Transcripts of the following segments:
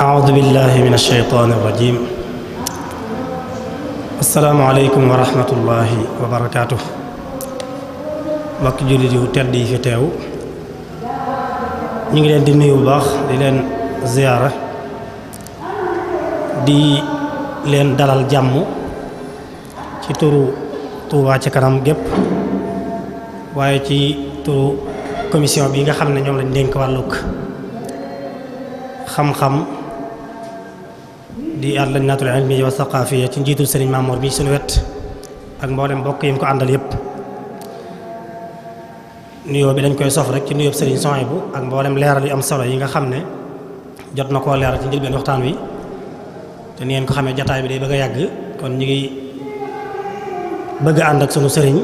A'udhu billahi minas shaytani rajim Assalamualaikum warahmatullahi wabarakatuh Waktu juli di hotel di Fetehu Ini dia di Niyubah Di ziarah Di lain dalal jammu Kita turu Tu wajah karam gep Wajah ki tu Komisi wabih Kami nanyom lindeng kewaluk Kham-kham di àllamnaatul ilmiya wa saqaafiya ci njiitul sëriñ Maamoor bi suñu wet ak mboolem mbokk yi ko àndal yëpp nuyoo bi dañ koy sof rek ci nuyoo sëriñ Sohaybu ak mboolem leeral yu am solo yi nga xam jot na koo leeral ci njëlbeen waxtaan wi te ni ngeen ko xamee jataay bi day bëgg a yàgg kon ñu ngi bëgg ànd ak sunu sëriñ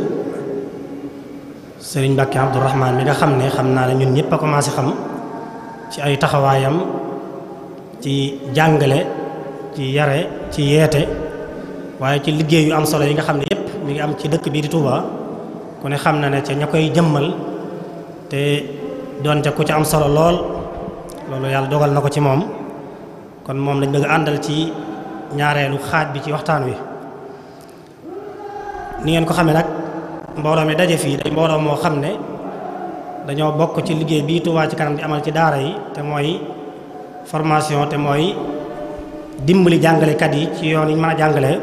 sëriñ Mbàkke Abdu Rahmaan mi nga xam ne xam naa ne ñun ñëpp a commencé xam ci ay taxawaayam ci jàngale ci yare ci yeete waaye ci liggéey am solo yi nga xam ne yépp mi ngi am ci dëkk bii di Touba ku ne xam na ne ca ña koy jëmmal te doon ca ku ca am solo lool loolu yàlla dogal na ko ci moom kon moom lañ bëgg àndal ci ñaareelu xaaj bi ci waxtaan wi ni ngeen ko ne nag mbooloo mi daje fii day mbooloo moo xam ne dañoo bokk ci liggéey bii Touba ci kanam di amal ci daara yi te mooy formation te mooy dimbali jàngalekat yi ci yoon yi mën a jàngale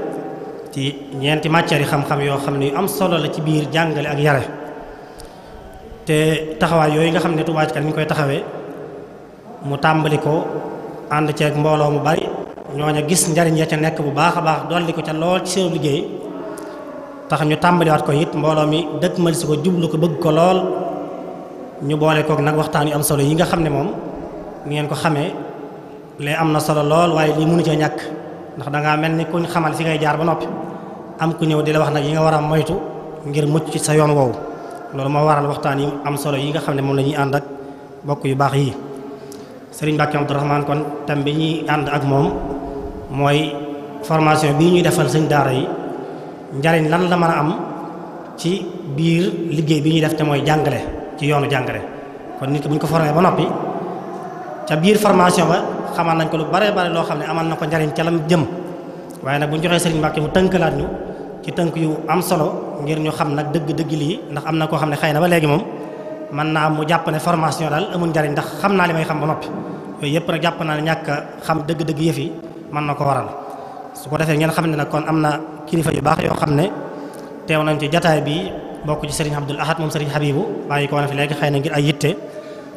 ci ñeenti matières yi xam-xam yoo xam ne yu am solo la ci biir jàngale ak yare te taxawaay yooyu nga xam ne Touba Ca koy taxawee mu tàmbali ko ànd ceeg mbooloo mu bari ñooña gis njariñ ca nekk bu baax a baax dolli ko ca lool ci seen liggéey tax ñu tàmbaliwaat ko it mbooloo mi dëkk mal si ko jublu ko bëgg ko lool ñu boole koog nag waxtaan yu am solo yi nga xam ne moom ngeen ko xamee le am solo lol way li mënu ci ñak ndax da nga melni kuñ xamal fi ngay jaar ba nopi am ku ñew di la wax nak yi nga wara moytu ngir mucc ci sa yoon woowu lolu moo waral waxtaan yi am solo yi nga xamne mom lañuy la ak bokku yu bax yi Serigne Mbacke rahman kon tam bi ñi and ak mom moy formation bi ñuy defal serigne daara yi ndariñ lan la mëna am ci biir liggéey bi ñuy def te moy jàngale ci yoonu jàngale kon nit buñ ko formé ba nopi ca biir formation ba xamal nañ ko lu bare bare loo xam ne amal na ko njariñ ca lam jëm waaye nag bu ñu joxee Serigne Mbacke mu tënkalaat ñu ci tënk yu am solo ngir ñu xam nag dëgg dëgg lii ndax am na koo xam ne xëy na ba léegi moom mën naa mu jàpp ne formation daal amul njariñ ndax xam naa li may xam ba noppi yooyu yëpp nag jàpp naa ne ñàkk xam dëgg dëgg yëfi yi mën na ko waral su ko defee ngeen xam ne nag kon am na kilifa yu baax yoo xam ne teew nañ ci jataay bi bokk ci Serigne Abdoul Ahad moom Serigne Habibou bàyyi ko woon xëy na ngir ay yitte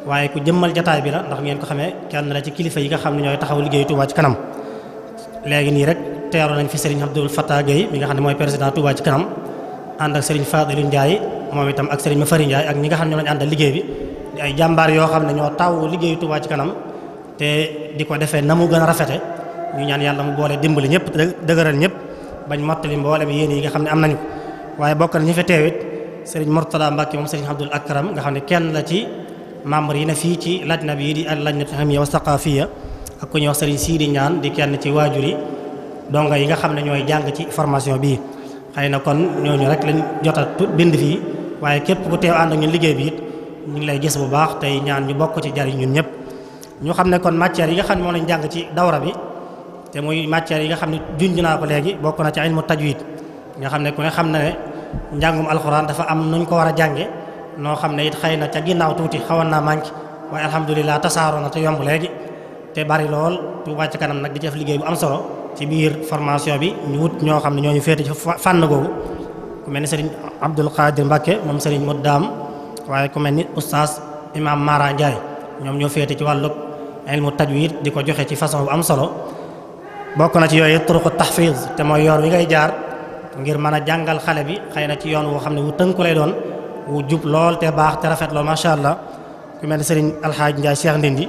waaye ku jëmmal jataay bi la ndax ngeen ko xamee kenn la ci kilifa yi nga xam ne ñooy taxaw liggéey Touba ci kanam léegi nii rek teeru nañ fi Serigne Abdoul Fattah Gueye nga xam ne mooy président Touba ci kanam ànd ak Serigne Fadilou Ndiaye moom itam ak Serigne Mafari Ndiaye ak ñi nga xam ne ñoo lañ àndal liggéey bi di ay jàmbaar yoo xam ne ñoo taw liggéeyu Touba ci kanam te di ko defee na mu gën a rafete ñu ñaan yàlla mu boole dimbali ñëpp dëgëral ñëpp bañ mottali mboolem yéen yi nga xam ne am nañu ko waaye bokk na ñi fi teewit Serigne Mourtala Mbacke moom Serigne Abdoul Akram nga xam ne kenn la ci membre yi na fii ci lajna bi di al lajnatu hamiyya wa saqafiya ak ku ñuy wax Serigne Sidi Ñaan di kenn ci waajur yi donga yi nga xam ne ñooy jàng ci formation bii xëy na kon ñooñu rek lañ a bind fii waaye képp ku teew ànd ak liggéey bi it ñu ngi lay gis bu baax tey ñaan ñu bokk ci jariñ ñun ñëpp ñu xam ne kon matières yi nga xam ne moom jàng ci dawra bi te muy matières yi nga xam ne junj naa ko léegi bokk na ci ilmu tajwid nga xam ne ku ne xam na ne njàngum alxuraan dafa am nuñ ko war a jànge noo xam ne it xay na ca ginnaaw tuuti xawoon naa manqué waaye alhamdulilah tasaaroo na te yomb léegi te bari lool Touba Ca Kanam nag di def liggéey bu am solo ci biir formation bi ñu wut ñoo xam ne ñooñu ñu féete ci fànn googu ku mel ni Serigne Abdoul Khadir Mbacke moom Serigne Modou Dame waaye ku mel ni oustaz Imam Mara ñoom ñoo féete ci wàllug ilmu wi di ko joxe ci façon bu am solo bokk na ci yooyu turuqu tahfiz te mooy yoon wi ngay jaar ngir mën a jàngal xale bi xëy na ci yoon woo xam ne wu tënku lay doon. Ujub lol te bax te rafet lol machallah ku mel Serigne alhaj Ndiaye Cheikh Ndindi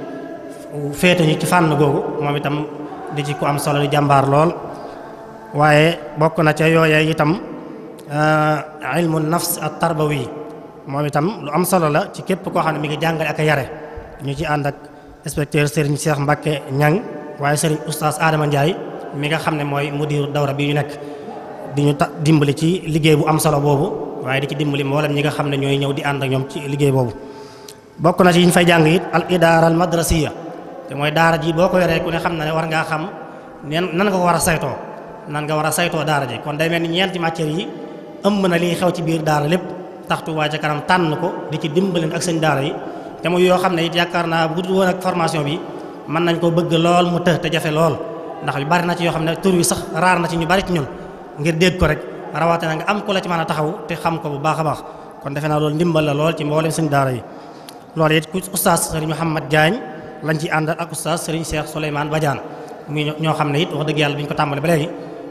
fete ñu ci fànn googu moom itam di ci ku am solo di jambar lol waaye bokk na ci yoyay itam euh, ilmu nafs at tarbawi moom itam lu am solo la ci kep ko xamni mi ngi jangal ak yare ñu ci and ak inspecteur Serigne Cheikh Mbacke Ñang waaye Serigne Oustaz Adama Ndiaye mi nga xamne moy mudir dawra bi ñu nek di ñu dimbali ci liggey bu am solo bobu waaye di ci dimbali mboolem ñi nga xam ne ñooy ñëw di ànd ak ñoom ci liggéey boobu bokk na ci ñu fay jàng it al idara al madrasiya te mooy daara ji boo ko yoree ku ne xam na ne war ngaa xam nan nga ko war a saytoo nan nga war a saytoo daara ji kon day mel ni ñeenti matière yi ëmb na liy xew ci biir daara lépp taxtu Touba kanam tànn ko di ci dimbali ak seen daara yi te muy yoo xam ne it yaakaar naa bu dul woon ak formation bi man nañ ko bëgg lool mu te jafe lool ndax yu bari na ci yoo xam ne tur sax raar na ci ñu bari ci ñun ngir déet ko rek na nga am ko la ci mana taxaw te xam ko bu baax a baax kon defena lol loolu ndimbal la lol ci mboolem seigne dara yi lol yi ku oustaz serigne mohammed Diagne lañ ci andal ak oustaz serigne Cheikh souleyman badian muy ño xamne it wax deug yalla ko ba legi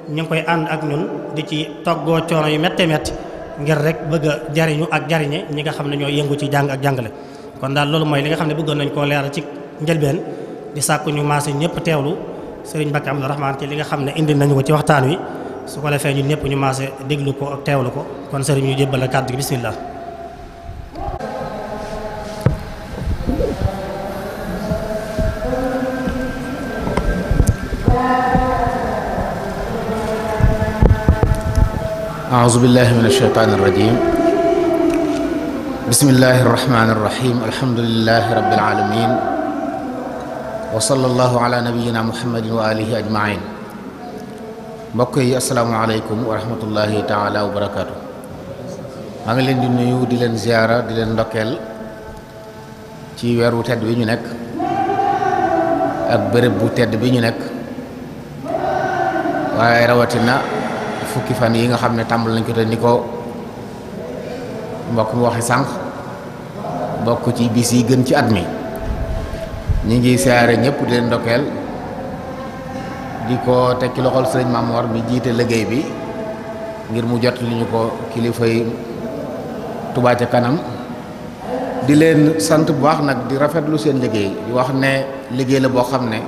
ñu koy and ak ñun di ci toggo coono yu metti ngerek ngir rek bëgg jariñu ak jariñe ñi nga xamne ne ñoo yëngu ci jang ak jangale kon dal lolou moy li nga xamne bëggoon nañ ko leral ci njëlbeen di sakku ñu maasi ñepp tewlu serigne bakam Rahman ci li nga xamne indi nañu ko ci waxtaan wi su ko defee ñun ñëpp ñu maase déglu ko ak teewlu ko kon sëriñ ñu jébbal la kàddu bismillah أعوذ بالله من الشيطان الرجيم بسم الله الرحمن الرحيم الحمد لله رب العالمين وصلى الله على نبينا محمد وآله أجمعين mbokk yi asalaamaaleykum wa rahmatullahi taala wa barakaatu maa ngi leen di nuyu di leen ziyaara di leen ndokkeel ci weer wu tedd bi ñu nekk ak bërëb bu tedd bi ñu nekk waaye rawatina fukki fan yi nga xam ne tàmbal nañ ko te ni ko mbokk mu waxi sànq bokk ci bis yi gën ci at mi ñu ngi siyaare ñëpp di leen ndokkeel di ko teg ci loxol sëriñ Mamor mi jiite liggéey bi ngir mu jot li ñu ko kilifay Touba ca kanam di leen sant bu baax nag di rafetlu seen liggéey di wax ne liggéey la boo xam ne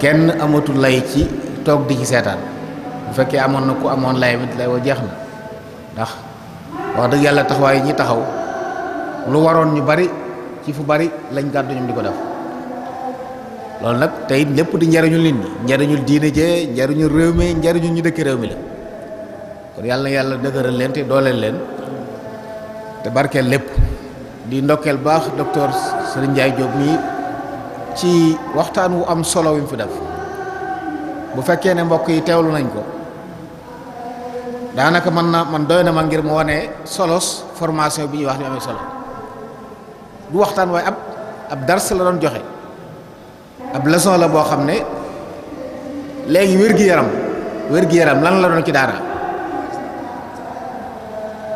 kenn amatul lay ci toog di ci seetaan bu fekkee amoon na ku amoon lay mit lay wa jeex na ndax wax dëgg yàlla taxawaay ñi taxaw lu waroon ñu bari ci fu bari lañ gàddu ñoom di ko def loolu nag tey lépp di njariñul nit ñi njariñul diine jee njariñul réew mi njariñul ñu dëkk réew mi la kon yàlla yàlla dëgëral leen te dooleel leen te lépp di ndokkeel baax docteur Serigne Ndiaye Diop mii ci waxtaan wu am solo wi mu fi def bu fekkee ne mbokk yi teewlu nañ ko daanaka man na man doy na ma ngir mu wane solos formation bi ñuy wax ni amee solo du waxtaan waaye ab ab dars la doon joxe ab leçon la boo xam ne léegi wér-gi-yaram wér-gi-yaram lan la doon ci daara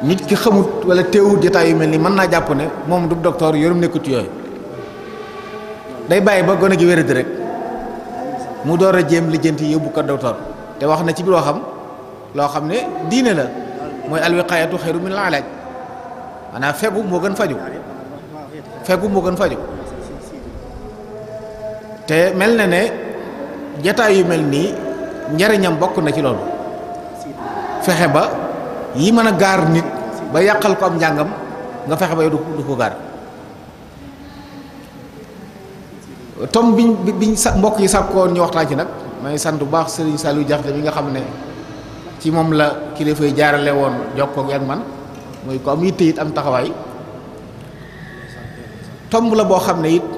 nit ki xamut wala teewut jotaay yu mel ni mën naa jàpp ne moom du docteur yorum nekkut ci yooyu day bàyyi ba gone gi wéradi rek mu door a jéem lijjanti yóbbu ko docteur te wax na ci biir loo xam loo xam ne diine la mooy alwiqaayatu xayru min al ilaaj maanaam fegu moo gën faju fegu moo gën faju te mel na ne jataay yu mel nii njariñam bokk na ci loolu fexe ba yi mën a gaar nit ba yàqal ko am njàngam nga fexe ba yow du ko gaar tom biñ biñ mbokk yi sàkkoon ñu waxtaan ci nag may sant bu baax Serigne Saliou Diakhaté bi nga xam ne ci moom la kilifay jaarale woon jokkoog ak man muy ko am yitte it am taxawaay tomb la boo xam ne it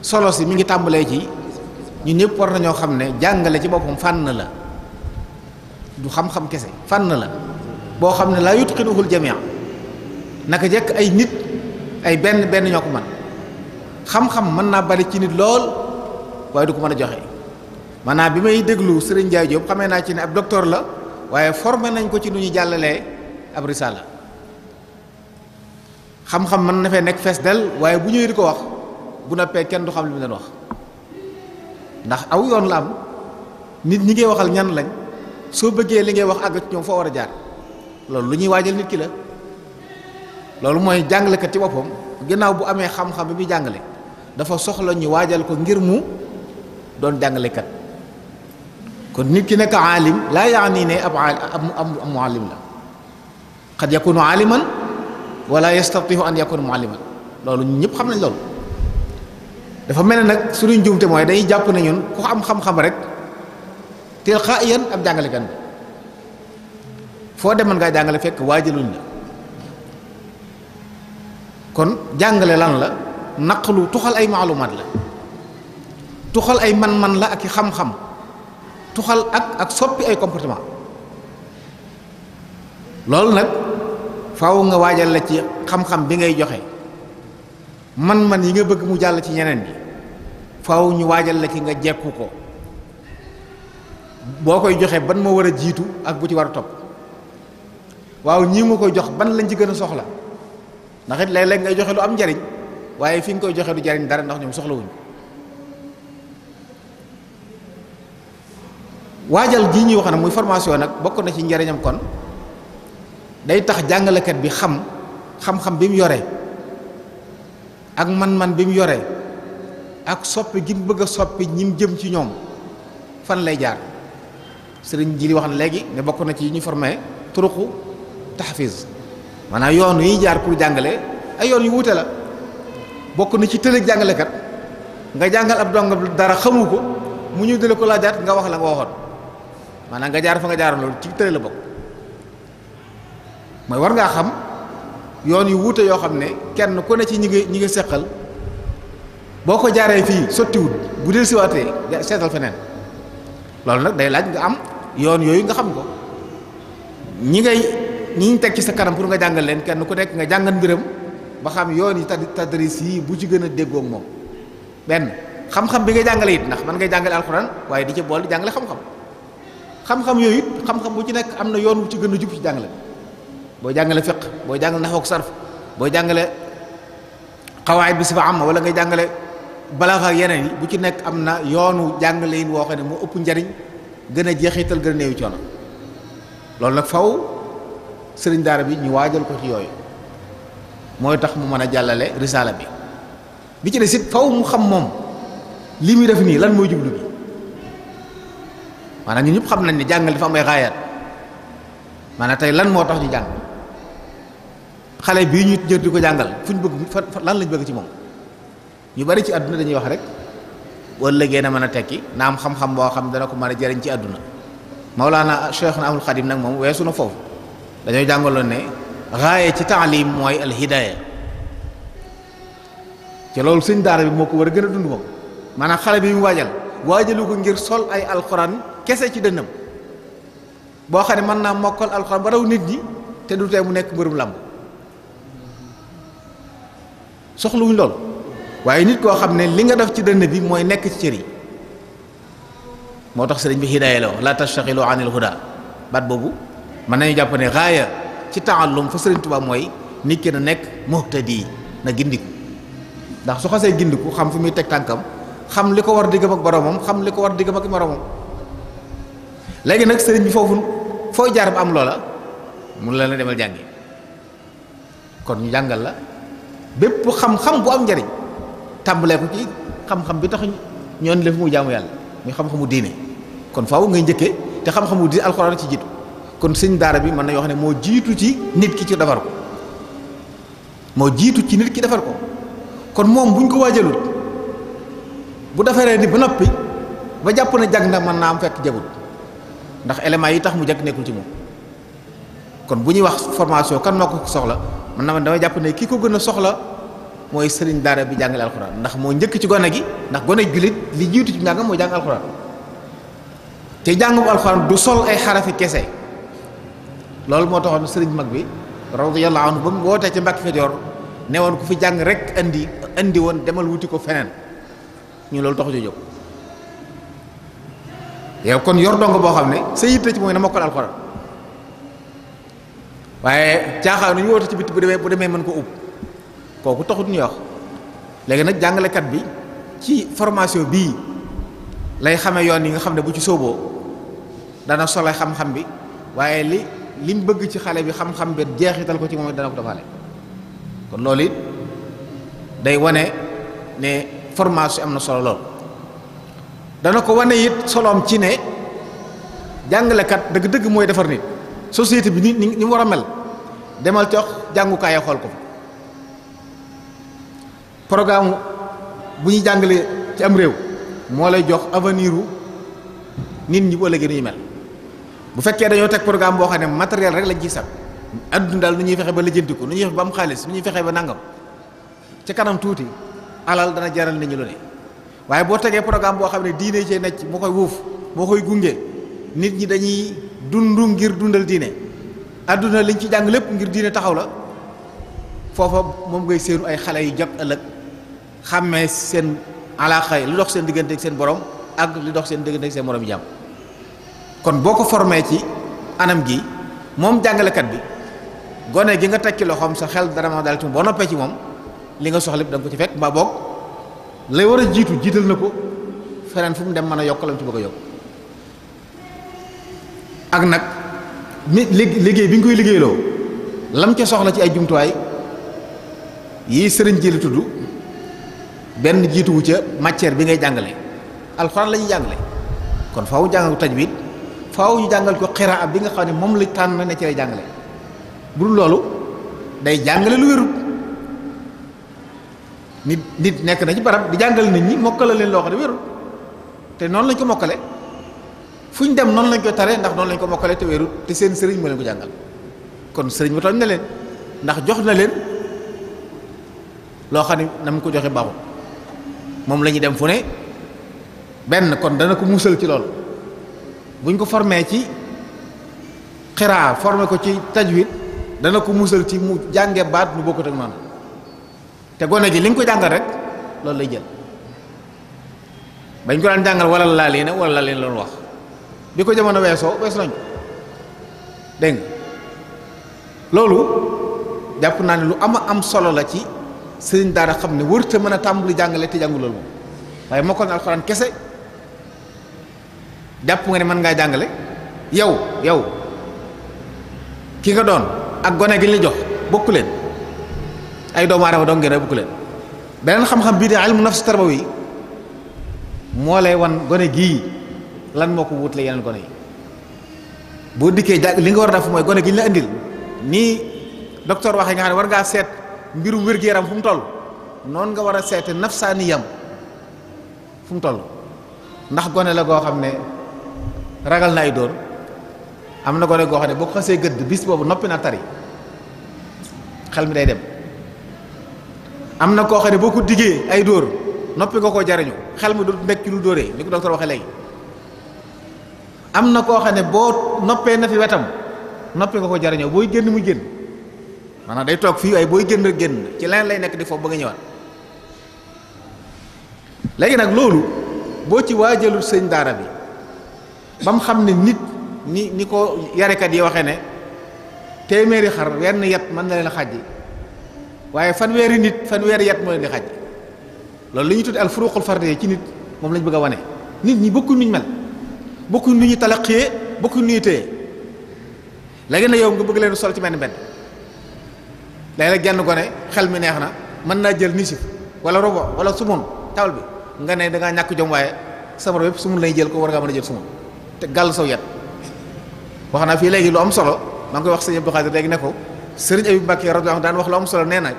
solo si mi ngi tàmbalee ci ñu ñëpp war nañoo xam ne jàngale ci boppam fànn la du xam-xam kese fànn la boo xam ne laa yutqinuhul jamia naka jekk ay nit ay benn benn ñoo ko man xam-xam mën naa bari ci nit lool waaye du ko mën a joxe maanaam bi may déglu Serigne Ndiaye Diop xamee naa ci ne ab docteur la waaye formé nañ ko ci lu ñuy jàllalee ab risala xam-xam mën na fee nekk fees del waaye bu ñëwee di ko wax bu noppee kenn du xam li mu leen wax ndax aw yoon la am nit ñi ngay waxal ñan lañ soo bëggee li ngay wax àgg ci ñoom foo war a jaar loolu lu ñuy waajal nit ki la loolu mooy jàngalekat ci boppam ginnaaw bu amee xam-xam bi muy jàngale dafa soxla ñu waajal ko ngir mu doon jàngalekat kon nit ki nekk aalim laa yaani ne ab ab muallim la xad yakunu aaliman wala yastatihu an yakuna mualliman loolu ñu ñëpp xam nañ loolu dafa mel ne nag suñu njuumte mooy dañuy jàpp ne ñun am xam-xam rek teel xaa yéen ab jàngalekat bi foo demoon ngaa jàngale fekk waajaluñ la kon jàngale lan la naq lu tuxal ay maalumaat la tuxal ay man-man la ak i xam-xam tuxal ak ak soppi ay comportement loolu nag faw nga waajal la ci xam-xam bi ngay joxe man-man yi nga bëgg mu jàll ci ñeneen bi faw ñu waajal la ci nga jekku ko boo koy joxee ban moo war a jiitu ak bu ci war a topp waaw ñii nga koy jox ban lañ ci gën a soxla ndax it léeg-léeg ngay joxe lu am njariñ waaye fi nga koy joxe du jariñ dara ndax ñoom soxlawuñu waajal jii ñuy wax na muy formation nag bokk na ci njariñam kon day tax jàngalekat bi xam xam-xam bi mu yore ak man-man bi mu yore ak soppi gi bëgg a ñi mu jëm ci ñoom fan lay jaar sëriñ ji li wax na léegi ne bokk na ci yi ñu formé turuqu tahfiz maanaa yoon yi jaar jàngale ay yoon yu wuute la bokk na ci tëlëg jàngalekat nga jàngal ab dong dara xamu ko mu ñu dale ko laajaat nga wax la nga waxoon maanaam nga jaar fa nga jaaroon loolu ci tële la bokk mooy war ngaa xam yoon yu wuute yoo xam ne kenn ku ne ci ñi nga ñi nga seqal boo ko jaaree fii sottiwut bu dee siwaatee seetal feneen loolu nag day laaj nga am yoon yooyu nga xam ko ñi ngay ñi ñu teg ci sa kanam pour nga jàngal leen kenn ku nekk nga jàngal mbiram ba xam yoon yi tadris yi bu ci gën a déggoog moom benn xam bi nga jàngale it ndax man ngay jàngale alxuraan waaye di ci bool di jàngale xam-xam xam-xam yooyu it xam-xam bu ci nekk am na yoon wu ci gën a jub ci jàngale boo jàngale fiq boo jàngale naxook sarf boo jàngale xawaayit bi sifa am wala ngay jàngale balaa ak yeneen yi bu ci nekk am na yoonu jàngale yin woo xam ne moo ëpp njariñ gën a jeexital gën a néew coono loolu nag faw sëriñ daara bi ñu waajal ko ci yooyu mooy tax mu mën a jàllale risaala bi bi ci des it faw mu xam moom li muy def nii lan mooy jublu bi maanaam ñun ñëpp xam nañ ne jàngal dafa am ay xaayaat maanaam tey lan moo tax ñu jàng xale bii ñu jër di ko jàngal fu ñu bëgg fa lan lañ bëgg ci moom ñu bari ci àdduna dañuy wax rek wala gën a mën a tekki na am xam-xam boo xam dana ko mën a jariñ ci àdduna Mawlaana Cheikh nag moom weesu na foofu dañoo jàngaloon ne raaye ci taalim mooy alhidaaya ci loolu sëñ daara bi moo ko war a gën a dund moom xale bi mu waajal waajalu ko ngir sol ay alxuraan kese ci dënnam boo xam ne mën naa mokkal alxuraan nit ñi te du tee mu nekk mbërum làmb soxluwuñ loolu waye nit ko xamne li nga def ci dënd bi moy nek ci ciri motax serigne bi la la huda bat bobu mana nañu japp ne raaya ci taallum fa serigne Tuubaa moy nit ki na nek muhtadi na gindik ndax su xasee gindiku xam fu muy tek tankam xam liko war digam ak boromam xam liko war digam ak moromam legi nak serigne bi fofu fo jaar am lola mu la demal jangi kon ñu jangal la bepp xam-xam bu am njariñ tàmbalee ko ci xam-xam bi tax ñoon la fi mu jaamu yàlla muy xam-xamu diine kon faw ngay njëkke te xam-xamu diine alxuraan ci jiitu kon sëñ daara bi mën nañoo wax ne moo jiitu ci nit ki ci defar ko moo jiitu ci nit ki defar ko kon moom buñ ko waajalul bu defaree ni ba noppi ba jàpp na jag na mën naa am fekk jagul ndax éléments yi tax mu jag nekkul ci moom kon bu ñuy wax formation kan moo ko soxla man na man damay jàpp ne ki ko gën a soxla mooy sëriñ daara bi jàngale alxuraan ndax moo njëkk ci gone gi ndax gone jullit li jiitu ci njàngam mooy jàng alxuraan te jàngum alxuraan du sol ay xarafi kese loolu moo taxoon sëriñ mag bi radiyallahu anhu ba mu wootee ci Mbàkke Kajoor ne woon ku fi jàng rek andi andi woon demal wuti ko feneen ñu loolu taxu jóg yow kon yor dong boo xam ne sa yitte ci mooy na mokkal alxuraan waaye caaxaan nu ñu woote ci bitti bu demee bu demee mën ko ub koku taxut ñu wax nak jangale kat bi ci formation bi, lay xamé yoon yi nga xamné bu ci sobo dana xam-xam bi waye li lim bëgg ci xalé bi xam-xam bi jeexital ko ci mom dana ko defaale kon loolu day wane ne formation amna dan solo lool dana ko wane it solom ci jangale kat deug deug moy defar nit société bi ni ni wara mel demal jox jàngukaay ya xol ko fa programme bu ñuy jàngalee ci am réew moo lay jox avenir u nit ñi bu ëllëgee ñu mel bu fekkee dañoo teg programme boo xam ne matériel rek lañ ciy sat adduna daal nu ñuy fexe ba lijjanti ko nu ñuy fexe ba am xaalis nu ñuy fexe ba nangam ci kanam tuuti alal dana jaral nit ñi lu waaye boo tegee programme boo xam ne diine cee necc moo koy wuuf moo koy gunge nit ñi dañuy dundu ngir dundal diine àdduna liñ ci jàng lépp ngir diine taxaw la foofa moom ngay séenu ay xale yu jot ëllëg xàmmee seen alaaka yi lu dox seen diggante ak seen boroom ak lu dox seen diggante ak seen borom jàmm kon boo ko formee ci anam gi moom jàngalekat bi gone gi nga tekki loxoom sa xel dara ma dal ci moom boo noppee ci moom li nga soxla da nga ko ci fekk mbaa boog lay war a jiitu jiital na ko feneen fu dem mën a yokk la mu ci bëgg ak nag mi liggéey bi koy liggéeyloo lam ca soxla ci ay jumtuwaay yi sëriñ ji la tudd benn jiituwu ca matière bi ngay jàngale alxuraan la ñuy jàngale kon faaw jàngal ko tajwid faaw ñu jàngal ko xiraa bi nga xam ne moom la tànn ne ci jàngale bu loolu day jàngale lu wérut nit nit nekk na ci barab di jàngal nit ñi mokkala leen loo xam ne te noonu lañ ko mokkale fu ñu dem noonu lañ ko tare ndax noonu lañ ko mokkale te wérut te seen sëriñ moo ko jàngal kon sëriñ ba tooñ na leen ndax jox na leen loo xam ne na mu ko joxe baaxul moom lañuy dem fu ne benn kon dana ko musal ci lool buñ ko formee ci xiraa formé ko ci tajwid dana ko musal ci mu jànge baat nu bokkut ak noonu te gone gi li nga ko jàngal rek loolu lay jël bañ ko daan jàngal wala laa lii ne wala laa leen loolu wax bi ko jamono weesoo weesu nañ dégg nga loolu jàpp naa ne lu ama am solo la ci sëriñ daara xam ne wër te mën a tàmbali jàngale te jàngulal moom waaye mokkal na alxuraan kese jàpp nga ne mën ngaa jàngale yow yow ki nga doon ak gone gi ñu jox bokku leen ay doomu aadama doon ngeen bokku leen beneen xam-xam bii de ilmu nafs tarbawi moo lay wan gone lan moo ko wut la yeneen gone yi boo dikkee jàng li nga war a mooy gone gi la indil nii docteur waxee nga xam ne war ngaa seet mbirum wér-gu-yaram fu mu toll noonu nga war a seete nafsaaniyam fu mu toll ndax gone la goo xam ne ragal na ay dóor am na gone goo xam ne boo ko xasee gëdd bis boobu noppi na tari xel mi day dem am na koo xam ne boo ko diggee ay dóor noppi nga koo jariñu xel mi du nekk ci lu dóoree ko waxee léegi am na koo xam ne boo noppee na fi wetam noppi nga ko jariñoo booy génn mu jën maanaam day toog fii waaye booy génn génn ci leneen lay nekk di foofu ba nga ñëwaat léegi nag loolu boo ci waajalul sëñ daara bi ba mu xam ne nit ni ni ko yarekat yi waxee ne téeméeri xar wenn yat mën na leen xàjji waaye fanweeri nit fanweeri yat moo leen di xàjji loolu li ñu tudde al furuqul fardiyya ci nit moom lañ bëgg a wane nit ñi bokkuñ nuñ mel bokkuñ nu ñu talaqiyee bokkuñ nu ñu téye léegi na yow nga bëgg leen sol ci benn benn léeg-léeg genn gone xel mi neex na mën naa jël nisif wala robo wala sumun tawal bi nga ne da ñàkk jom waaye sama yëpp sumun lay jël ko war ngaa mën a jël sumun te gàll soo yet wax naa fii léegi lu am solo man koy wax sëñ Abdou Khadir léegi ne ko sëriñ Abi Mbàkke radiyallahu daan wax lu am solo nee na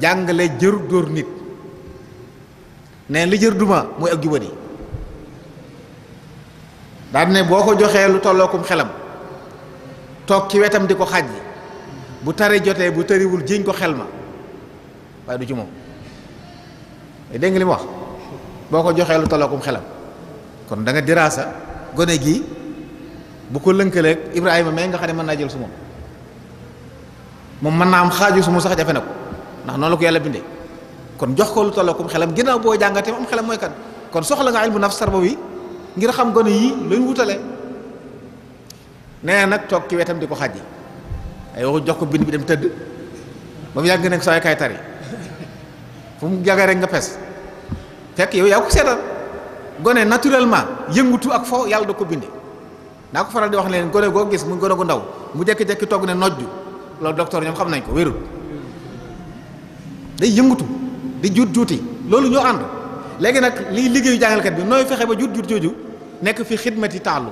jàngale jëru dóor nit nee li jër duma mooy ak jubadi daan ne boo ko joxee lu tollookum xelam toog ci wetam di ko xaj bu tare joté bu wul jiñ ko xelma way du ci mom eh, dégg wax boko ko lu talakum xelam kon da nga dirasa goné gi bu ko lënkaleeg Ibrahima mais nga xam man na jël su moom moom mën naa am xaju su mu sax jafé ndax non la ko yalla bindé kon jox ko lu tollookum xelam ginaaw bo jàngatee am xelam moy kan kon soxla nga ilmu naf sarbawi ngir xam goné yi luñ wutalé nee nak tok ci wétam di xaji ay waxu jox ko bind bi dem tëdd ba mu yàgg nekk saa kay tari fu mu jagee rek nga pes fekk yow yaa ko seetal gone naturellement yëngutu ak foo yàlla da ko bindi naa ko faral di wax leen gone goo gis mu gone gu ndaw mu jékki-jékki togg ne nojju loolu docteur ñoom xam nañ ko wérul day yëngutu di juut juuti loolu ñoo ànd léegi nag liy liggéeyu jàngalkat bi nooy fexe ba juut juut jooju nekk fi xidmati taalu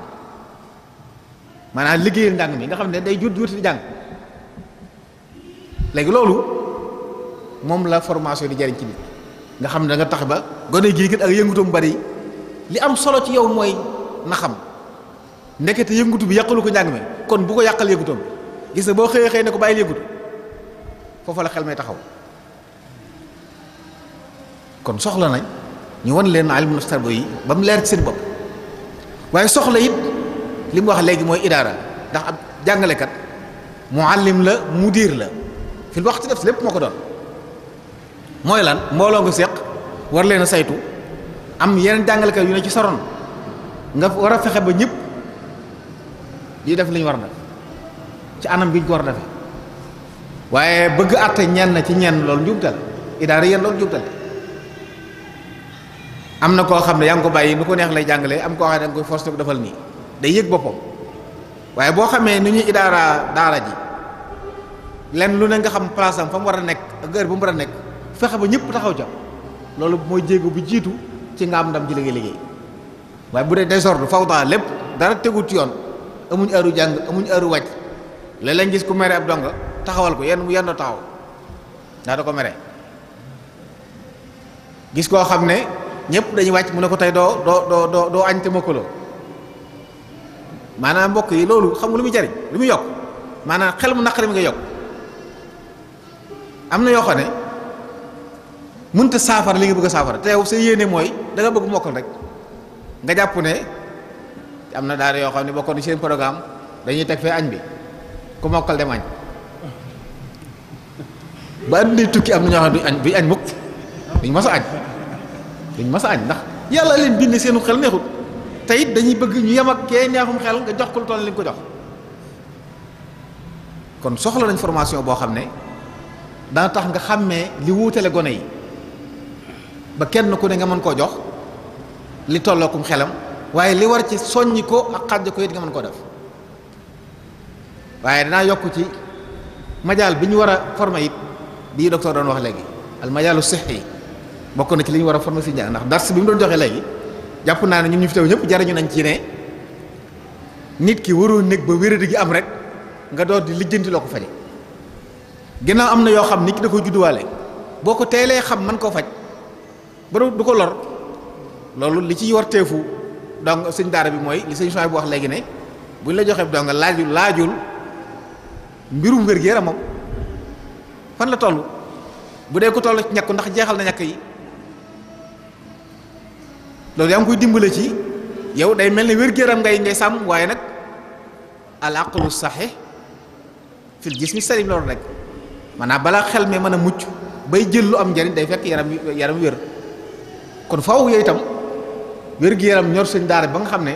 maanaam liggéeyal njàng mi nga xam ne day juut juuti di jàng léegi loolu moom la formation di jariñ ci bi nga xam ne danga tax ba gone gii kat ak yëngutum bari li am solo ci yow mooy na xam ndekete yëngutu bi yàqalu ko njàng mi kon bu ko yàqal yëngutoom gis na boo xëyee xëy ne ko bàyyil yëngutu foofa la xel may taxaw kon soxla nañ ñu wan leen alim naftarbo yi ba mu leer seen bopp waaye soxla it li mu wax léegi mooy idaara ndax ab jàngalekat muallim la mudir la fil waxtu def si lépp moo ko doon mooy lan mbooloo nga seq war leen saytu am yeneen jàngalekat yu ne ci soroon nga war a fexe ba ñëpp di def li war a ci anam bi ñu ko war a waaye bëgg àtte ñenn ci ñenn loolu njubtal idaara yenn loolu njubtal am na koo xam ne yaa ngi ko bàyyi nu ko neex lay jàngalee am koo xam ne da nga koy forcé ko defal nii day yëg boppam waaye boo xamee ni ñuy idaara daara ji. lenn lu ne nga xam place am fa mu war a nekk ak heure bu mu war a nekk fexe ba ñëpp taxaw ca loolu mooy jéego bu jiitu ci nga am ndam ci liggéey liggéey waaye bu dee désordre fawda lépp dara tegut ci yoon amuñ heure jàng amuñ heure wàcc léeg-léeg gis ku mere ab donga taxawal ko yenn mu yenn taxaw ndax da ko mere gis koo xam ne ñëpp dañuy wàcc mu ne ko tey doo doo doo doo doo añ te mokkaloo maanaam mbokk yi loolu xam nga lu muy jariñ lu muy yokk maanaa xel mu naqari mi nga yokk am na yoo xam ne mënta saafara li nga bëgg saafara te yow sa yéene mooy da nga bëgg mokkal rek nga jàpp ne am na daara yoo xam ne bokkoon seen programme dañuy teg fee añ bi ku mokkal dem ba àdduna tukki am na ñoo xam añ duñ añ mukk duñ mas a añ duñ mas a añ yàlla leen bind seenu xel neexut te it bëgg ñu yem ak kee nga jox ko lu ko jox kon soxla nañ formation boo xam ne. dana tax nga xàmmee li wuutale gone yi ba kenn ku ne nga mën koo jox li tollookum xelam waaye li war ci soññi ko ak xàjj ko it nga mën koo def waaye danaa yokk ci majaal bi ñu war a former it bii docteur doon wax léegi al majaalu sihhi bokk na ci li ñu war a former si njàng ndax dars bi mu doon joxee léegi jàpp naa ne ñun ñu fi teew ñëpp jariñu nañ ci ne nit ki waroo néeg ba wéradi gi am rek nga door di lijjanti loo ko faje ginnaaw am na yoo xam nit ki da koy judduwaale boo ko teelee xam man koo faj ba du ko lor loolu li ci war teefu donc sëñ daara bi mooy li sëñ Souhaïbou bu wax léegi ne buñ la joxee dong laajul laajul mbirum wér-gu-yaramam fan la toll bu dee ko toll ci ñàkk ndax jeexal na ñàkk yi loolu yaa ngi koy dimbale ci yow day mel ne wér-gu-yaram ngay ngay sàmm waaye nag al aqlu saxih fil jismi salim loolu rek. maanaam balaa xel mi mën a mucc bay jël lu am njariñ day fekk yaram yaram wér kon faw yooyu itam wér gi yaram ñor sëñ daara ba nga xam ne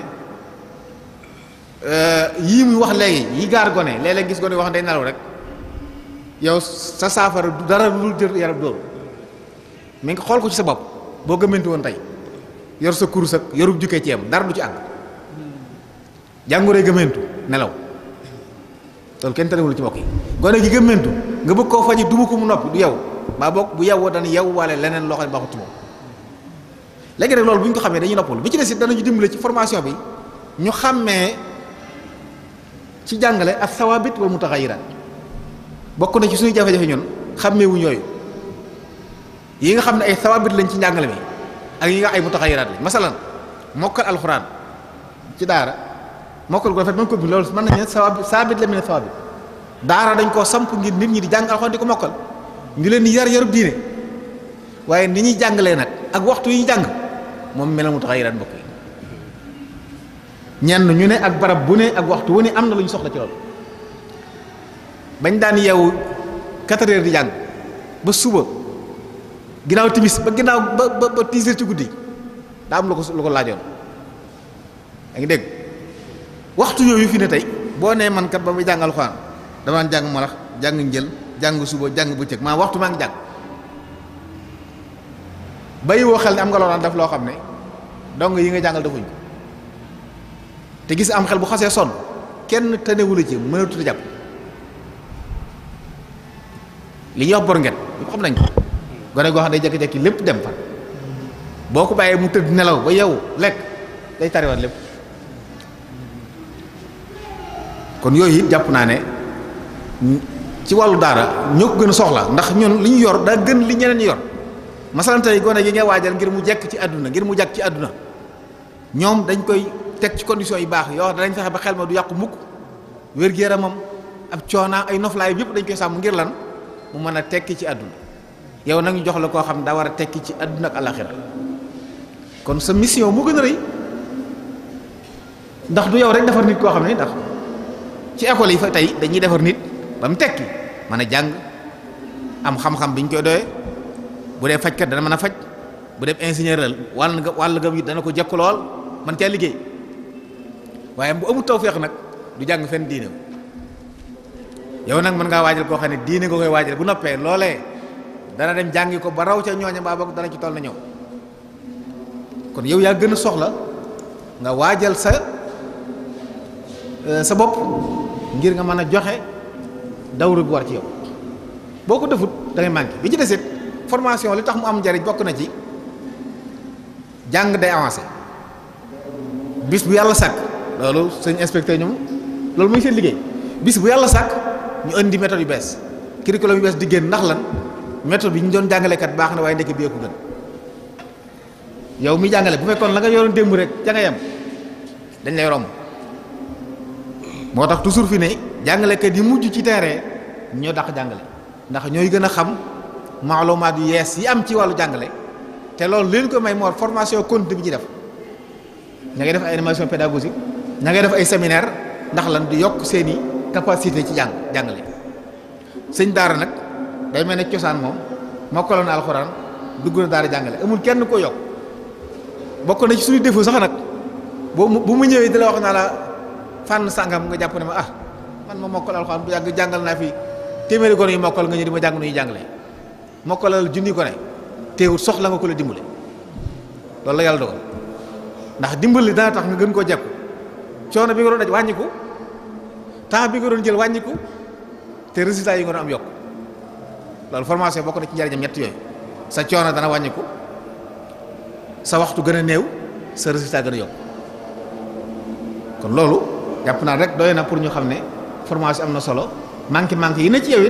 euh, yii muy wax léegi yi gaar gone léeg-léeg gis gone wax day nelaw rek yow sa saafara du dara lu jël yaram dóor mu ngi xool ko ci sa bopp boo gëmmanti woon tey yor sa kurus ak yorub jukkee ci yam dara du ci àgg jàngoree gëmmantu nelaw loolu kenn tanewul ci mbokk yi gone gi gëmmentu nga bëgg ko fañi duma ko mu nopp du yaw ba bok bu yaw dana yaw walé lenen loo xam ne baaxut moom rek lol buñ ko xamé dañuy noppul bi ci dess dañu danañu dimbalé ci formation bi ñu xamé ci jangalé ak sawabit wal mutaxayiraat bokku na ci suñu jafé jafé ñun xàmmeewuñ yooyu yi nga xamné ay sawabit lañ ci jangalé mi ak yi nga ay masalan mokal alquran ci daara moko ko rafet man ko bi loolu mën nañu sawab ya, sabit la min sawab daara dañ ko samp ngir nit ñi di jàng alxoon di ko mokkal ñu leen yar yarub diine waaye ni ñuy jàngalee nak ak waxtu yi jang mom melamu mel bokk ñen ñu ne ak barab bu ne ak waxtu woni amna am soxla ci loolu bañ daan yew 4 h di jang ba suba ginaaw timis ba ginaaw ba ba ba ci guddii da am lu ko lu ko laajoon da ngi dégg waxtu yooyu fi ne tey boo nee man kat ba muy jàng alxuraan damaa jàng marax jàng njël jàng suba jàng bëccëg maa waxtu maa ngi jàng bàyyi woo xel ne am nga loo daan loo xam ne dong yi nga jàngal defuñ te gis am xel bu xasee sonn kenn tanewula ci mënatu ta jàpp li ñuy wax bornget yëpp xam nañ ko gone goo xam ne jékki-jékki lépp dem fa boo ko bàyyee mu tëdd nelaw ba yow lekk day tariwaat lépp kon yoy it japp na ne ci walu dara ñok gën soxla ndax ñun liñ yor da gën li ñeneen yor masalan tay gone gi nga wajal ngir mu jekk ci aduna ngir mu jak ci aduna ñom dañ koy tek ci condition yu bax yo dañ fexé ba xel ma du yaq mukk wër gi ramam ab coonaa ay noflay yëpp dañ koy sam ngir lan mu mëna teki ci Ya yow nak ñu jox la ko xam da wara tek ci aduna ak kon sa mission mu gën reuy ndax du yow rek defar nit ko xamni ndax ci école yi fa tey dañuy defar nit ba mu tekki mën a jàng am xam-xam bi ñu koy doyee bu dee fajkat dana mën a faj bu dee ingénieur la wàll nga wàll nga dana ko jekku lool man caa liggéey waaye bu amul tawféex nag du jàng fenn diine yow nag mën ngaa waajal koo xam ne diine nga koy waajal bu noppee loolee dana dem jàngi ko ba raw ca ñooña baa boog dana ci toll na ñëw kon yow yaa gën a soxla nga waajal sa euh, sa bopp ngir nga mëna joxé dawru bi war ci yow boko defut da ngay manki bi ci desit formation li tax mu am jari bok na ci jang day avancer bis bu yalla sak lolu sëñ inspecteur ñum lolu muy seen liggéey bis bu yalla sak ñu andi méthode yu bees curriculum yu bees di gën ndax lan méthode bi ñu doon kat baax na way ndek bi ko gën yow mi jàngale bu fekkon la nga yoron démb rek ja nga yam dañ lay romb motax tax toujours fi ne jàngalekat yi mujj ci terrain ñoo dàq jangale ndax ñoy gëna xam maalumaat yu yes yi am ci walu jangale té lool leen ko may mor formation continue bi ci def nga def ay animation pédagogique nga ngay def ay séminaire ndax lan di yok seeni capacité ci jang jangale señ dara nak day melni ciosan mom moom lon alcorane dugg na daara jàngale amul kenn ko yok bokk na ci suñu defu sax nak bu mu ñëwé di wax na la fànn sàngam nga jàpp ne ma ah man ma mokkal alxuraan bu yàgg jàngal naa fi téeméeri gone yi mokkal nga ñëw di ma jàng nuy jàngale mokkalal junni gone teewul soxla nga ko la dimbale loolu la yàlla dogal ndax dimbali dana tax nga gën koo jàpp coono bi nga doon daj wàññiku temps bi nga doon jël wàññiku te résultat yi nga doon am yokk loolu formation bokk na ci njariñam ñett yooyu sa coono dana wàññiku sa waxtu gën a néew sa résultat gën a yokk kon jàpp naa rek doy na pour ñu xam ne formation am na solo manqué manqué yi na ci yow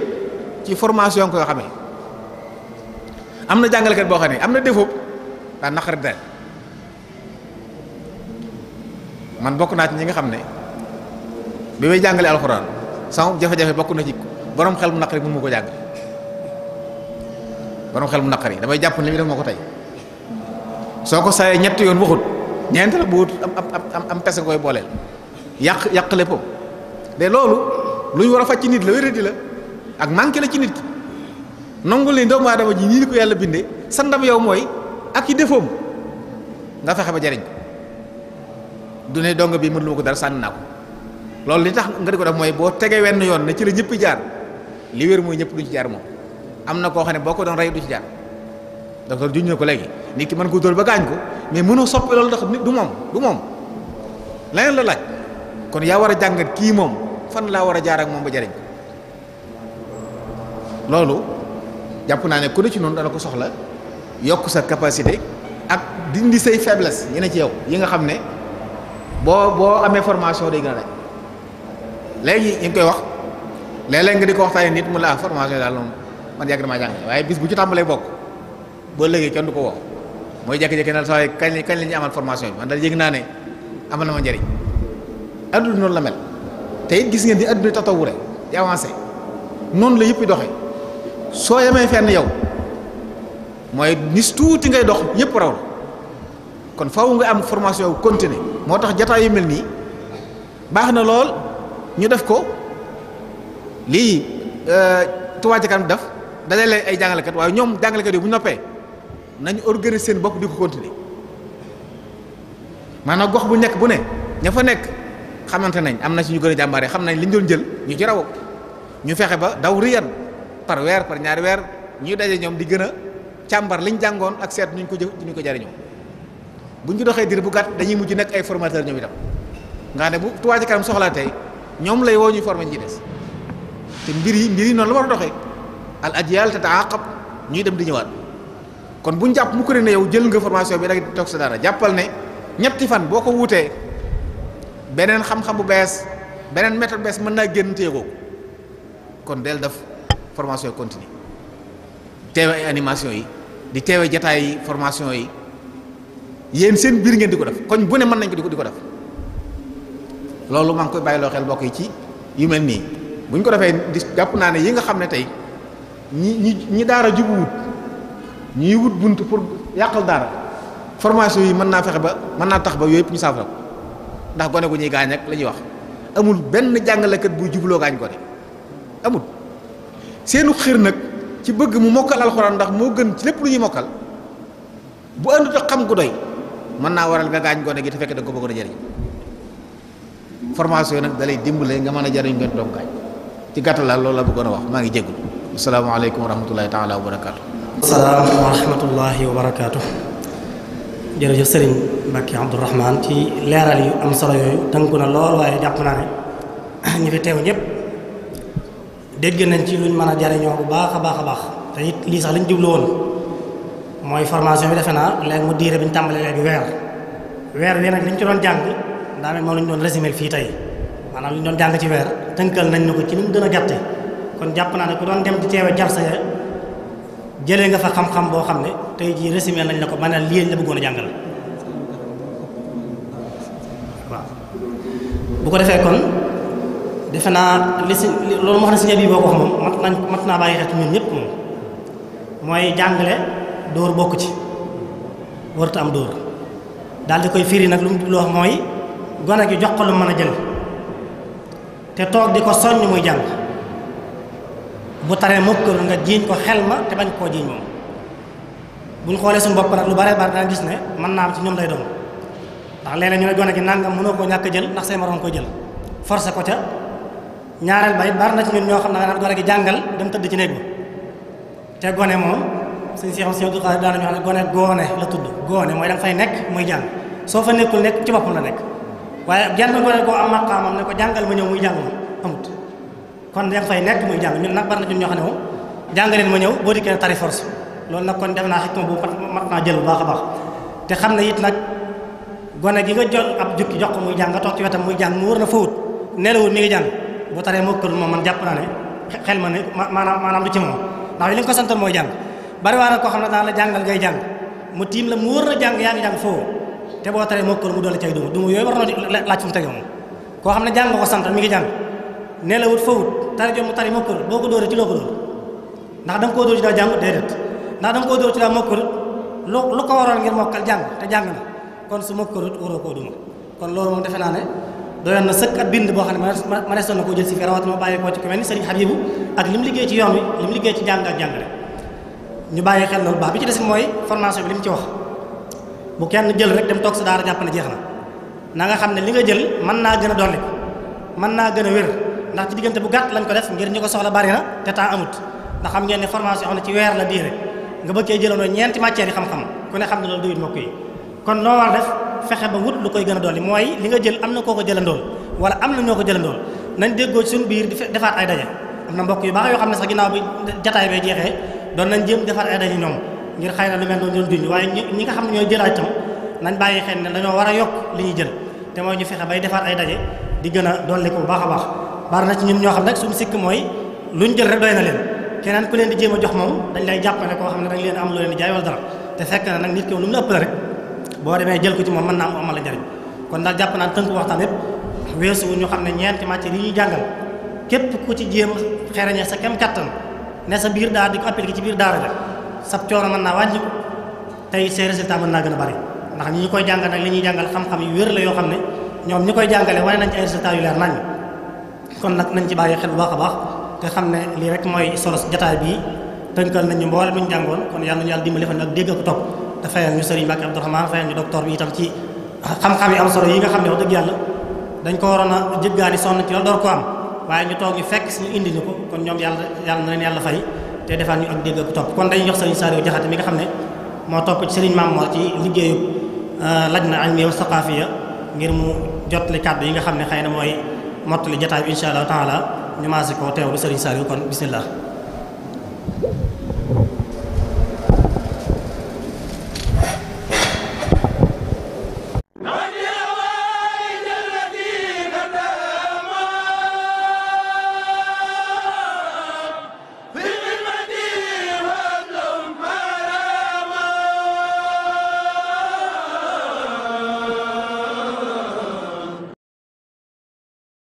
ci formation ko yoo xamee am na jàngalekat boo xam ne am na défaut daa naqari daal man bokk naa ci ñi nga xam ne bi may jàngale alxuraan sama jafe-jafe bokk na ci boroom xel mu naqari mun mu ko jàng borom xel mu naqari damay jàpp ne li def moo ko tey soo ko sayee ñetti yoon waxut ñeent la bu am am am pese nga koy booleel. yàq yàqale ko de loolu lu ñu war a faj ci nit la wéradi la ak manqué la ci nit ki nangul ni doomu aadama ji nii ko yàlla bindee sa ndam yow mooy ak i defoom nga fexe ba jariñ du ne dong bi mën lu ma ko dara sànni naa loolu li tax nga di ko def mooy boo tegee wenn yoon ne ci la ñëpp jaar li wér mooy ñëpp duñ ci jaar moom am na koo xam ne boo ko doon rey du ci jaar docteur juñ ne ko léegi nit ki mën ko dóor ba gaañ ko mais mënoo soppi loolu ndax nit du moom du moom la laaj kon yaa war a jàngat kii moom fan laa war a jaar ak moom ba jariñ loolu jàpp naa ne ku ne ci noonu dana ko soxla yokk sa capacité ak dindi say faiblesse yi ci yow yi nga xam ne boo boo amee formation day gën a daj léegi ñu ngi koy wax léeg-léeg nga di ko waxtaanee nit mu la ah formation daal moom man yàgg damaa jàng waaye bis bu ci tàmbalee bokk boo léegi kenn du ko woo mooy jékki-jékki na saa kañ kañ la ñuy amal formation bi man daal yëg naa ne amal na ma adduna noonu la mel tey gis ngeen di adduna tatawure di avancé noonu la yëpp di soo yemee fenn yow mooy nis tuuti ngay dox ñëpp raw la kon faaw nga am formation bu continue moo tax jataay yu mel nii baax na lool ñu def ko lii euh, Touba Ca Kanam def dajale ay jàngalekat waaye ñoom jàngalekat yi bu noppee nañu organiser seen bopp di ko continuer maanaam gox bu nekk bu ne ña fa nekk xamante nañ amna ci ñu gëna jambaré jàmbaare liñ doon jël ñu ci raw ñu fexé ba daw riyan par weer par ñaar weer ñu dajé ñom di gëna a liñ jàngoon ak sét ñu ko jëf ñu ko jariñoo buñ ci doxé dir bu gàtt dañuy mujj nek ay formateur ñom itam nga né bu tuwa ci karam soxla tay ñom lay woo formé ñi dess té mbir yi mbir yi non la war doxé al ajiyal tataaqab ñuy dem di ñëwaat kon buñ japp mu ko né yow jël nga formation bi rek tok sa dara jappal né ñetti fan boko wuté benen xam-xam bu bes benen méthode bes mën naa génn téegoo kon del def formation continue téwé animation yi di jotaay yi formation yi yeen seen bir ngeen di def koñ bu ne mën nañ ko di ko def loolu maa ngi koy bayilo xel bokk ci yu melni buñ ko defé di jàpp naa yi nga xam tay ñi ñi ñi daara jubu wut ñi wut buntu pour yakal daara formation yi mën na fexé ba mën na tax ba ñu ndax goné guñuy gañ gaañ rek la wax amul jangale kat bu jubloo gaañ gone amul seenu xir nak ci bëgg mu mokal alcorane ndax mo gën ci lepp luñuy mokal bu andu ta xam gu doy man na waral nga gañ goné gi te fekk da ko bëggoon a jëriñ formation nak dalay dimbalé nga mëna jëri jëriñ ngeen doom gaañ ci gàttal la loolu la bëggoon wax ma ngi jéggul assalamu alaykum warahmatullahi taala wa barakaatu. asalaamaaleykum wa rahmatullahi wa jërëjëf sëriñ Mbacke Abdourahman ci leeral yu am solo yooyu tënku na lool waaye jàpp naa ne ñu fi teew ñëpp dégg nañ ci luñ mën a jariñoo bu baax a baax a baax te it lii sax lañ jublu woon mooy formation bi defe naa léegi mu diire bi ñu tàmbalee léegi weer weer wi nag liñ ci doon jàng daa mel moom lañ doon résumé fii tey maanaam liñ doon jàng ci weer tënkal nañ na ko ci ni mu gàtte kon jàpp naa ne ku doon dem di teewe jar sa jëlee nga fa xam-xam boo xam ne tey jii résime nañ la ko maanaam lii la bëggoon a jàngal waaw bu ko defee kon defe naa li si loolu moo xam ne si ñebe bi boo ko wax moom mat nañ naa bàyyi xel ñun ñëpp moom mooy jàngale dóor bokk ci warut am dóor daal di koy firi nag lu mu loo mooy gone gi jox ko lu mën a jël te toog di ko soññ muy jàng. bu taree mukkar nga jiiñ ko xel ma te bañ ko jiiñ mom buñ xolé suñu bop nak lu bare bare daan gis né man na ci ñom lay doon ndax léla ñu ne gone gi nangam mëno ko ñak jël ndax say maron ko jël forcé ko ca ñaaral bay bar na ci ñun ño xam na nga gone gi jangal dem tedd ci neeg ba té goné mom suñ cheikh seexu xaar daan ñu wax ne gone goone la tudd goné moy da fay nekk moy jang so fa nekkul nekk ci bopum la nekk waye jangal gone ko am maqamam ne ko jangal ma ñëw muy jangal amut kon def fay nekk muy jàng ñun nag bari na ñun ñoo xam ne moom jàng leen ma ñëw boo dikkee tari force loolu nag kon def naa xikma bu mat naa jël bu baax a baax te xam ne it nag gone gi nga jot ab jukki jox ko muy jàng ci wetam muy jàng mu wër na fawut nelawul mi ngi jàng bu taree mokkalul moom man jàpp naa ne xel ma ne maanaam maanaam du ci moom ndax ko santoon mooy jàng bari waa na koo xam ne daal la jàngal ngay jàng mu tiim la mu wër na jàng yaa ngi jàng foo te boo taree mokkal mu doole cay duma duma yooyu war na laaj mu tege moom koo xam ne jàng nga ko sant mi ngi jàng nelawut fawut tari jom mu tari mokkul boo ko dóoree ci loo ko dóor ndax da nga koo dóor ci daa jàng déedéet ndax da nga koo dóor ci daa mokkul lu lu ko waroon ngir mokkal jàng te jàng na kon su mokkalut waroo koo duma kon loolu moom defe naa ne doyoon na sëkk ak bind boo xam ne ma desoon na koo jël si fii rawatina ma bàyyi koo ci ku mel ni sëriñ Habibou ak li mu liggéey ci yoon wi li mu liggéey ci jàng ak jàngale ñu bàyyi xel loolu baax bi ci des mooy formation bi li mu ci wax bu kenn jël rek dem toog sa daara jàpp na jeex na na nga xam ne li nga jël mën naa gën a dolli mën naa gën a wér ndax ci diggante bu gàtt lañ ko def ngir ñu ko soxla bari na te temps amut ndax xam ngeen ne formation xam ne ci weer la diire nga bëggee jëlandoo ñeenti matières yi xam-xam ku ne xam ne loolu doyut kon noo war ba wut lu koy gën a dolli mooy li nga jël am na koo ko jëlandool wala am na ñoo ko jëlandool nañ déggoo suñu biir di defaat ay daje am mbokk yu baax yoo xam ne sax ginnaaw jataay bee jeexee doon nañ jéem defaat ay daje ñoom ngir xëy na lu mel noonu doon duñ waaye ñi nga xam ne ñooy jëlaat tam nañ bàyyi xel ne dañoo war a yokk li ñuy jël te mooy ñu fexe bay defaat ay daje di gën a dolli ko bu baax a baax bari na ci ñun ño xam nak suñu sik moy luñu jël rek doyna leen kenen ku leen di jema jox mom dañ lay jàpp ne koo xam leen am lo leen di jaay wala dara te fekk na nak nit ki lu mu la rek bo demee jël ko ci mom man na am amal la kon dal japp na teunk waxtan yépp weesu ñu xam ne ci match yi ñu jangal képp ku ci jema xereñe sa kam katan ne sa biir daal di ko appel ci biir daara ja sa cioro man na wañu tay ses résultats man na gëna bari ndax ñi ñu koy jangal nak li ñuy jangal xam-xam yu wër la yo xamne ñom ñi koy jangalé wane nañ ci résultats yu leer nañ kon nag nañ ci bàyyi xel bu baax a baax te xam ne lii rek mooy solos jataay bii tënkal nañu mboolem luñ jàngoon kon yàlla nañu yàlla dimbali fan ak dégg ak topp te fayal ñu sëriñ Mbàkke Abdourahmane fayal ñu docteur bi itam ci xam-xam yi am solo yi nga xam ne wax dëgg yàlla dañ ko waroon a jëggaani sonn ci la ko am waaye ñu toog ñu fekk suñu indi ñu ko kon ñoom yàlla yàlla na leen yàlla fay te defaat ñu ak dégg kon dañuy jox sëriñ Saliou Jaxate mi nga xam ne moo topp ci sëriñ Mamoor ci liggéeyu euh, laj na añ meew saqaafiya ngir mu jot jotli kàddu yi nga xam ne xay na mooy mottali jataay bi incha allah taala ñu maase koo teewlu Serigne Saliou kon bisimilah.